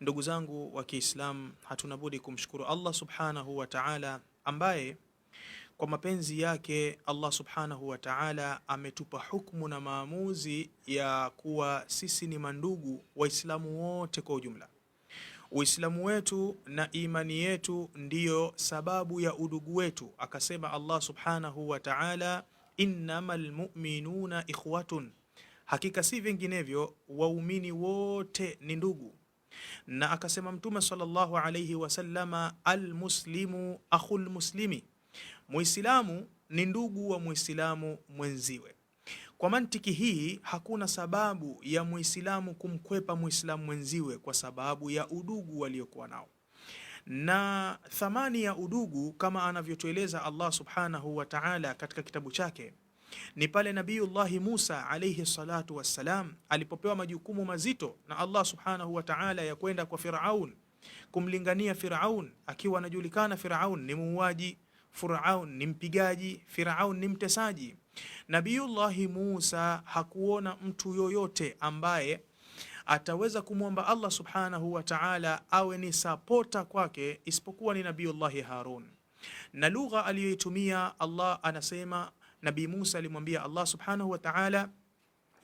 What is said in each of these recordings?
Ndugu zangu wa Kiislamu, hatuna budi kumshukuru Allah subhanahu wa ta'ala, ambaye kwa mapenzi yake Allah subhanahu wa ta'ala ametupa hukumu na maamuzi ya kuwa sisi ni mandugu Waislamu wote kwa ujumla. Uislamu wetu na imani yetu ndiyo sababu ya udugu wetu. Akasema Allah subhanahu wa ta'ala, innamal mu'minuna ikhwatun, hakika si vinginevyo waumini wote ni ndugu na akasema Mtume sallallahu alayhi wasallama, almuslimu akhul muslimi, muislamu ni ndugu wa muislamu mwenziwe. Kwa mantiki hii hakuna sababu ya muislamu kumkwepa muislamu mwenziwe kwa sababu ya udugu waliokuwa nao, na thamani ya udugu kama anavyotueleza Allah subhanahu wa ta'ala katika kitabu chake ni pale Nabiyullahi Musa alayhi salatu wassalam alipopewa majukumu mazito na Allah subhanahu wa ta'ala ya kwenda kwa Firaun kumlingania Firaun, akiwa anajulikana Firaun ni muuaji, Firaun ni mpigaji, Firaun ni mtesaji. Nabiyullahi Musa hakuona mtu yoyote ambaye ataweza kumwomba Allah subhanahu wa ta'ala awe ni sapota kwake isipokuwa ni nabiullahi Harun, na lugha aliyoitumia Allah anasema Nabii Musa alimwambia Allah subhanahu wa ta'ala,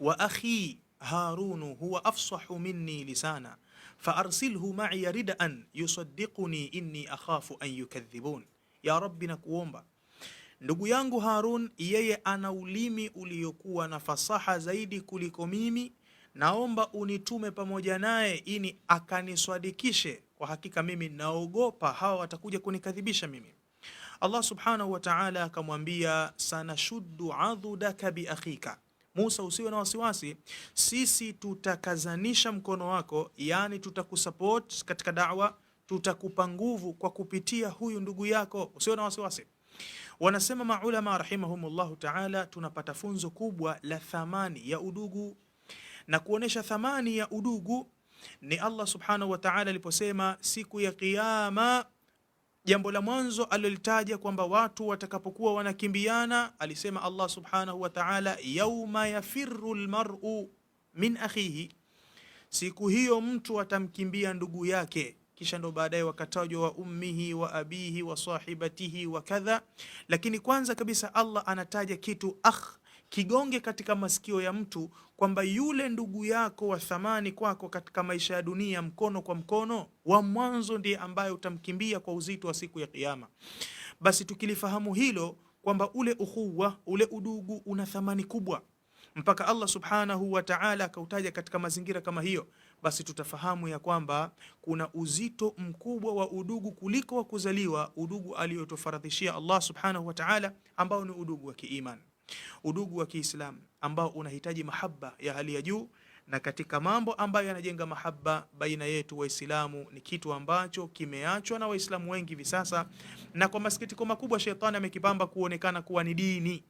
wa akhi harunu huwa afsahu minni lisana faarsilhu maya ridan yusaddiquni inni akhafu an yukadhibun. Ya Rabbi, nakuomba ndugu yangu Harun, yeye ana ulimi uliokuwa na fasaha zaidi kuliko mimi, naomba unitume pamoja naye ini akaniswadikishe. Kwa hakika mimi naogopa hawa watakuja kunikadhibisha mimi. Allah subhanahu wa ta'ala akamwambia, sanashuddu adhudaka biakhika Musa, usiwe na wasiwasi, sisi tutakazanisha mkono wako, yani tutakusupport katika da'wa, tutakupa nguvu kwa kupitia huyu ndugu yako, usiwe na wasiwasi. Wanasema maulama rahimahumullahu ta'ala, tunapata funzo kubwa la thamani ya udugu na kuonesha thamani ya udugu ni Allah subhanahu wa ta'ala aliposema siku ya Kiyama Jambo la mwanzo alilolitaja kwamba watu watakapokuwa wanakimbiana, alisema Allah subhanahu wa ta'ala, yauma yafirru lmaru min akhihi, siku hiyo mtu atamkimbia ndugu yake. Kisha ndo baadaye wakatajwa wa ummihi wa abihi wa sahibatihi wa kadha, lakini kwanza kabisa Allah anataja kitu akh kigonge katika masikio ya mtu kwamba yule ndugu yako wa thamani kwako katika maisha ya dunia, mkono kwa mkono wa mwanzo ndiye ambaye utamkimbia kwa uzito wa siku ya Kiama. Basi tukilifahamu hilo kwamba ule ukhuwa, ule udugu una thamani kubwa mpaka Allah subhanahu wa ta'ala akautaja katika mazingira kama hiyo, basi tutafahamu ya kwamba kuna uzito mkubwa wa udugu kuliko wa kuzaliwa, udugu aliyotofaradhishia Allah subhanahu wa ta'ala, ambao ni udugu wa kiimani udugu wa Kiislamu ambao unahitaji mahaba ya hali ya juu, na katika mambo ambayo yanajenga mahaba baina yetu Waislamu ni kitu ambacho kimeachwa na Waislamu wengi hivi sasa, na kwa masikitiko makubwa shetani amekipamba kuonekana kuwa ni dini.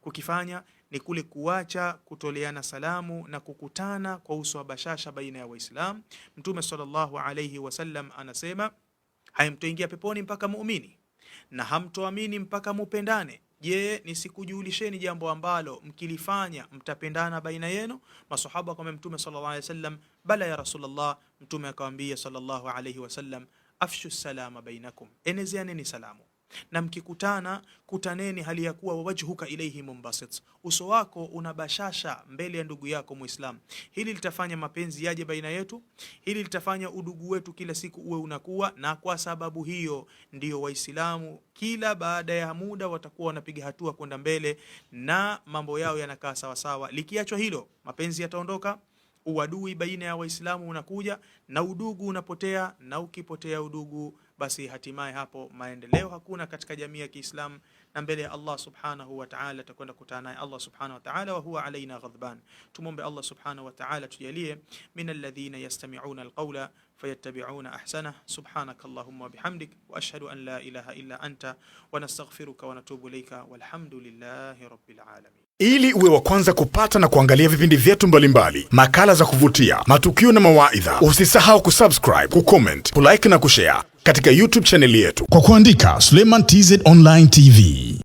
Kukifanya ni kule kuacha kutoleana salamu na kukutana kwa uso wa bashasha baina ya Waislamu. Mtume sallallahu alayhi wasallam anasema, haimtoingia peponi mpaka muumini na hamtoamini mpaka mupendane Je, nisikujulisheni jambo ambalo mkilifanya mtapendana baina yenu? Masahaba kama Mtume sallallahu alayhi wasallam, bala ya Rasulullah. Mtume akamwambia sallallahu alayhi wasallam, afshu salama bainakum, enezeaneni salamu na mkikutana kutaneni hali ya kuwa wajhuka ilaihi mumbasit, uso wako unabashasha mbele ya ndugu yako Muislam. Hili litafanya mapenzi yaje baina yetu, hili litafanya udugu wetu kila siku uwe unakuwa, na kwa sababu hiyo ndiyo Waislamu kila baada ya muda watakuwa wanapiga hatua kwenda mbele na mambo yao yanakaa sawasawa. Likiachwa hilo, mapenzi yataondoka, uadui baina ya Waislamu unakuja na udugu unapotea, na ukipotea udugu basi hatimaye hapo maendeleo hakuna katika jamii ya Kiislamu, na mbele ya Allah subhanahu wa ta'ala takwenda kukutana naye Allah subhanahu wa ta'ala, wa huwa alaina ghadban. Tumombe Allah subhanahu wa ta'ala tujalie min alladhina yastami'una alqawla fayattabi'una ahsana. Subhanaka allahumma wa bihamdik wa ashhadu an la ilaha illa anta wa nastaghfiruka wa natubu ilayka walhamdulillahi rabbil alamin. Ili uwe wa kwanza kupata na kuangalia vipindi vyetu mbalimbali, makala za kuvutia, matukio na mawaidha, usisahau kusubscribe, kucomment, kulike na kushare katika YouTube chaneli yetu kwa kuandika Suleiman TZ Online TV.